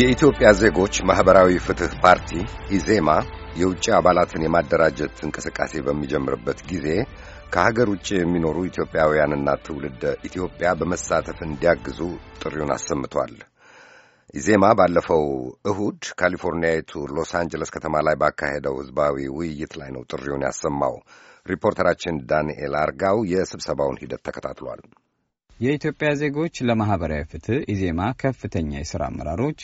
የኢትዮጵያ ዜጎች ማኅበራዊ ፍትሕ ፓርቲ ኢዜማ የውጭ አባላትን የማደራጀት እንቅስቃሴ በሚጀምርበት ጊዜ ከሀገር ውጭ የሚኖሩ ኢትዮጵያውያንና ትውልደ ኢትዮጵያ በመሳተፍ እንዲያግዙ ጥሪውን አሰምቷል። ኢዜማ ባለፈው እሁድ ካሊፎርኒያዊቱ ሎስ አንጀለስ ከተማ ላይ ባካሄደው ሕዝባዊ ውይይት ላይ ነው ጥሪውን ያሰማው። ሪፖርተራችን ዳንኤል አርጋው የስብሰባውን ሂደት ተከታትሏል። የኢትዮጵያ ዜጎች ለማኅበራዊ ፍትሕ ኢዜማ ከፍተኛ የሥራ አመራሮች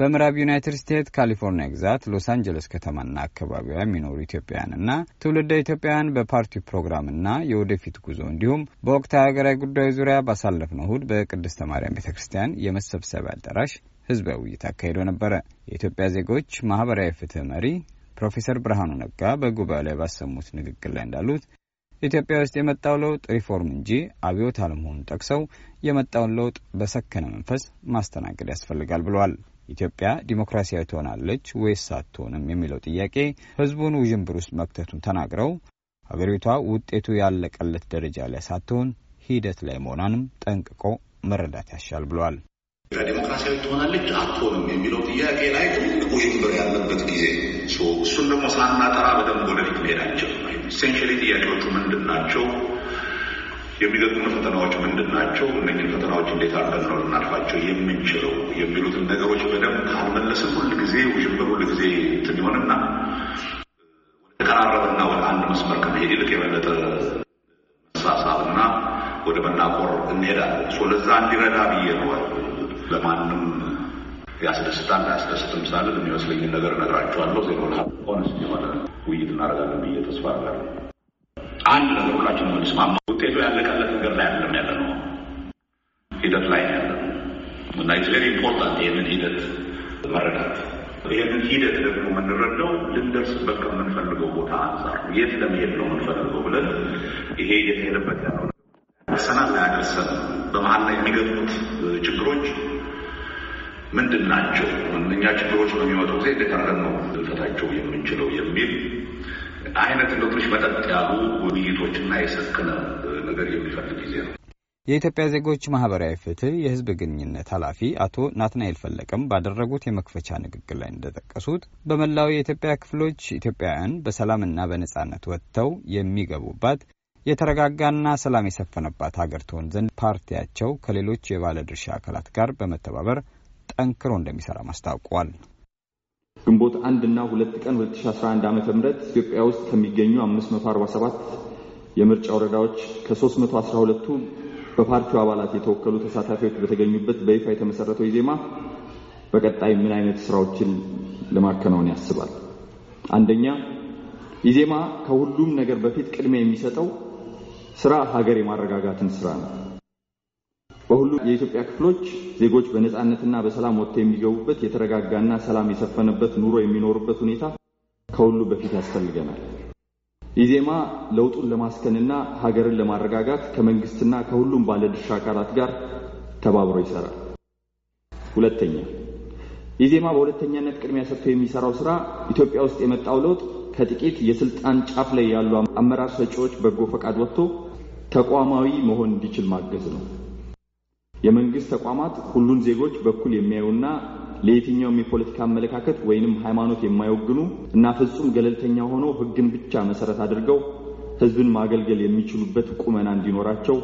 በምዕራብ ዩናይትድ ስቴትስ ካሊፎርኒያ ግዛት ሎስ አንጀለስ ከተማና አካባቢዋ የሚኖሩ ኢትዮጵያውያንና ትውልደ ኢትዮጵያውያን በፓርቲው ፕሮግራምና የወደፊት ጉዞ እንዲሁም በወቅት ሀገራዊ ጉዳዮች ዙሪያ ባሳለፍነው እሁድ በቅድስተ ማርያም ቤተ ክርስቲያን የመሰብሰቢያ አዳራሽ ህዝባዊ ውይይት አካሂዶ ነበረ። የኢትዮጵያ ዜጎች ማህበራዊ ፍትህ መሪ ፕሮፌሰር ብርሃኑ ነጋ በጉባኤው ላይ ባሰሙት ንግግር ላይ እንዳሉት ኢትዮጵያ ውስጥ የመጣው ለውጥ ሪፎርም እንጂ አብዮት አለመሆኑን ጠቅሰው የመጣውን ለውጥ በሰከነ መንፈስ ማስተናገድ ያስፈልጋል ብለዋል። ኢትዮጵያ ዲሞክራሲያዊ ትሆናለች ወይስ አትሆንም የሚለው ጥያቄ ሕዝቡን ውዥንብር ውስጥ መክተቱን ተናግረው ሀገሪቷ ውጤቱ ያለቀለት ደረጃ ላይ ሳትሆን ሂደት ላይ መሆኗንም ጠንቅቆ መረዳት ያሻል ብሏል። ዲሞክራሲያዊ ትሆናለች አትሆንም የሚለው ጥያቄ ላይ ትልቅ ውዥንብር ያለበት ጊዜ እሱን ደግሞ ሳናጠራ በደንብ ወደፊት መሄዳቸው ኢሴንሽሊ ጥያቄዎቹ ምንድን ናቸው? የሚገጥሙ ፈተናዎች ምንድን ናቸው? እነኝን ፈተናዎች እንዴት አድርገን ነው ልናልፋቸው የምንችለው የሚሉትን ነገሮች በደንብ ጊዜ ሁልጊዜ ሁል ጊዜ እንትን ይሆንና ወደ ተቃረበና ወደ አንድ መስመር ከመሄድ ይልቅ የበለጠ መሳሳብና ወደ መናቆር እንሄዳለን። ለዛ እንዲረዳ ብዬ ነው። ለማንም ያስደስታል አያስደስትም ሳልን የሚመስለኝን ነገር እነግራችኋለሁ። ዜሮ ሆነስ የሆነ ውይይት እናደርጋለን ብዬ ተስፋ አደርጋለሁ። አንድ ነገር ሁላችን የምንስማማ ውጤቱ ያለቀለት ነገር ላይ አለም ያለ ነው፣ ሂደት ላይ ያለ እና ኢትስ ኢምፖርታንት ይህንን ሂደት መረዳት ይህንን ሂደት ደግሞ የምንረዳው ልንደርስበት ከምንፈልገው ቦታ አንጻር የት ለመሄድ ነው የምንፈልገው ብለን ይሄ የተሄደበት ያለው ላይ አደርሰን በመሀል ላይ የሚገጥሙት ችግሮች ምንድን ናቸው፣ እኛ ችግሮች በሚመጡ ጊዜ እንዴት አድርገን ነው ልንፈታቸው የምንችለው የሚል አይነት እንደው ትንሽ መጠጥ ያሉ ውይይቶችና የሰከነ ነገር የሚፈልግ ጊዜ ነው። የኢትዮጵያ ዜጎች ማህበራዊ ፍትህ የህዝብ ግንኙነት ኃላፊ አቶ ናትናኤል ፈለቀም ባደረጉት የመክፈቻ ንግግር ላይ እንደጠቀሱት በመላው የኢትዮጵያ ክፍሎች ኢትዮጵያውያን በሰላምና በነጻነት ወጥተው የሚገቡባት የተረጋጋና ሰላም የሰፈነባት ሀገር ትሆን ዘንድ ፓርቲያቸው ከሌሎች የባለድርሻ አካላት ጋር በመተባበር ጠንክሮ እንደሚሰራ ማስታውቋል። ግንቦት አንድና ሁለት ቀን 2011 ዓ ም ኢትዮጵያ ውስጥ ከሚገኙ 547 የምርጫ ወረዳዎች ከ312ቱ በፓርቲው አባላት የተወከሉ ተሳታፊዎች በተገኙበት በይፋ የተመሰረተው ኢዜማ በቀጣይ ምን አይነት ስራዎችን ለማከናወን ያስባል? አንደኛ ኢዜማ ከሁሉም ነገር በፊት ቅድሚያ የሚሰጠው ስራ ሀገር የማረጋጋትን ስራ ነው። በሁሉም የኢትዮጵያ ክፍሎች ዜጎች በነፃነትና በሰላም ወጥተው የሚገቡበት የተረጋጋና ሰላም የሰፈነበት ኑሮ የሚኖሩበት ሁኔታ ከሁሉ በፊት ያስፈልገናል። ኢዜማ ለውጡን ለማስከንና ሀገርን ለማረጋጋት ከመንግስትና ከሁሉም ባለድርሻ አካላት ጋር ተባብሮ ይሰራል። ሁለተኛ ኢዜማ በሁለተኛነት ቅድሚያ ሰጥቶ የሚሰራው ስራ ኢትዮጵያ ውስጥ የመጣው ለውጥ ከጥቂት የስልጣን ጫፍ ላይ ያሉ አመራር ሰጪዎች በጎ ፈቃድ ወጥቶ ተቋማዊ መሆን እንዲችል ማገዝ ነው። የመንግስት ተቋማት ሁሉን ዜጎች በኩል የሚያዩና ለየትኛውም የፖለቲካ አመለካከት ወይንም ሃይማኖት የማይወግኑ እና ፍጹም ገለልተኛ ሆነው ህግን ብቻ መሰረት አድርገው ህዝብን ማገልገል የሚችሉበት ቁመና እንዲኖራቸው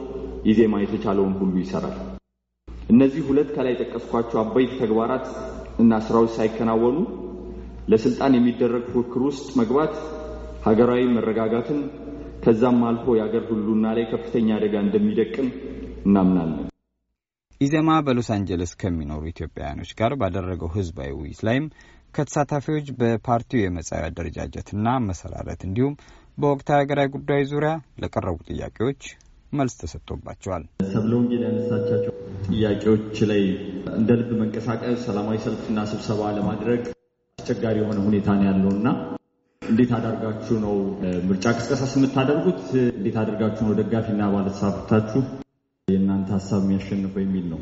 ኢዜማ የተቻለውን ሁሉ ይሰራል። እነዚህ ሁለት ከላይ የጠቀስኳቸው አበይት ተግባራት እና ስራዎች ሳይከናወኑ ለስልጣን የሚደረግ ፉክክር ውስጥ መግባት ሀገራዊ መረጋጋትን ከዛም አልፎ የአገር ሁሉና ላይ ከፍተኛ አደጋ እንደሚደቅን እናምናለን። ኢዜማ በሎስ አንጀለስ ከሚኖሩ ኢትዮጵያውያኖች ጋር ባደረገው ህዝባዊ ውይይት ላይም ከተሳታፊዎች በፓርቲው የመጻኢ አደረጃጀትና መሰራረት እንዲሁም በወቅታዊ ሀገራዊ ጉዳይ ዙሪያ ለቀረቡ ጥያቄዎች መልስ ተሰጥቶባቸዋል። ሰብለው ያነሳቻቸው ጥያቄዎች ላይ እንደ ልብ መንቀሳቀስ፣ ሰላማዊ ሰልፍና ስብሰባ ለማድረግ አስቸጋሪ የሆነ ሁኔታ ነው ያለው እና እንዴት አደርጋችሁ ነው ምርጫ ቅስቀሳስ የምታደርጉት? እንዴት አደርጋችሁ ነው ደጋፊና ባለተሳታፊዎቻችሁ አንድ ሀሳብ የሚያሸንፈው የሚል ነው።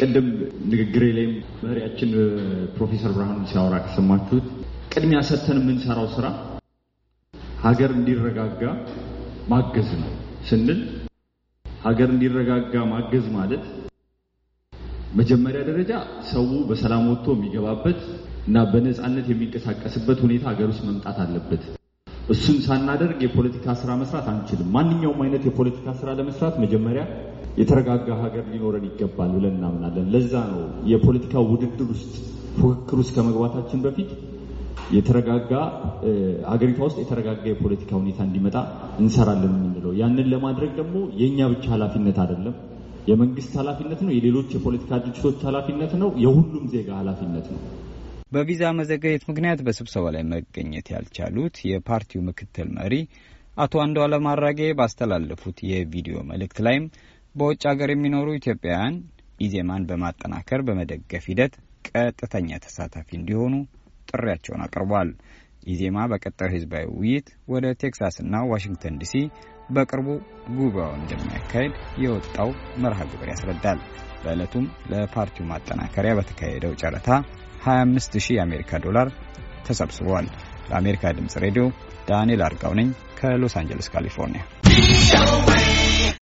ቅድም ንግግሬ ላይም መሪያችን ፕሮፌሰር ብርሃኑ ሲያወራ ከሰማችሁት ቅድሚያ ሰጥተን የምንሰራው ስራ ሀገር እንዲረጋጋ ማገዝ ነው ስንል ሀገር እንዲረጋጋ ማገዝ ማለት መጀመሪያ ደረጃ ሰው በሰላም ወጥቶ የሚገባበት እና በነፃነት የሚንቀሳቀስበት ሁኔታ ሀገር ውስጥ መምጣት አለበት። እሱን ሳናደርግ የፖለቲካ ስራ መስራት አንችልም። ማንኛውም አይነት የፖለቲካ ስራ ለመስራት መጀመሪያ የተረጋጋ ሀገር ሊኖረን ይገባል ብለን እናምናለን። ለዛ ነው የፖለቲካ ውድድር ውስጥ ፉክክር ውስጥ ከመግባታችን በፊት የተረጋጋ ሀገሪቷ ውስጥ የተረጋጋ የፖለቲካ ሁኔታ እንዲመጣ እንሰራለን የምንለው። ያንን ለማድረግ ደግሞ የእኛ ብቻ ኃላፊነት አይደለም፣ የመንግስት ኃላፊነት ነው፣ የሌሎች የፖለቲካ ድርጅቶች ኃላፊነት ነው፣ የሁሉም ዜጋ ኃላፊነት ነው። በቪዛ መዘገየት ምክንያት በስብሰባ ላይ መገኘት ያልቻሉት የፓርቲው ምክትል መሪ አቶ አንዷለም አራጌ ባስተላለፉት የቪዲዮ መልእክት ላይም በውጭ ሀገር የሚኖሩ ኢትዮጵያውያን ኢዜማን በማጠናከር በመደገፍ ሂደት ቀጥተኛ ተሳታፊ እንዲሆኑ ጥሪያቸውን አቅርቧል። ኢዜማ በቀጣዩ ህዝባዊ ውይይት ወደ ቴክሳስና ዋሽንግተን ዲሲ በቅርቡ ጉባኤው እንደሚያካሄድ የወጣው መርሃ ግብር ያስረዳል። በዕለቱም ለፓርቲው ማጠናከሪያ በተካሄደው ጨረታ 25000 የአሜሪካ ዶላር ተሰብስቧል። ለአሜሪካ ድምፅ ሬዲዮ ዳንኤል አርጋው ነኝ ከሎስ አንጀለስ ካሊፎርኒያ።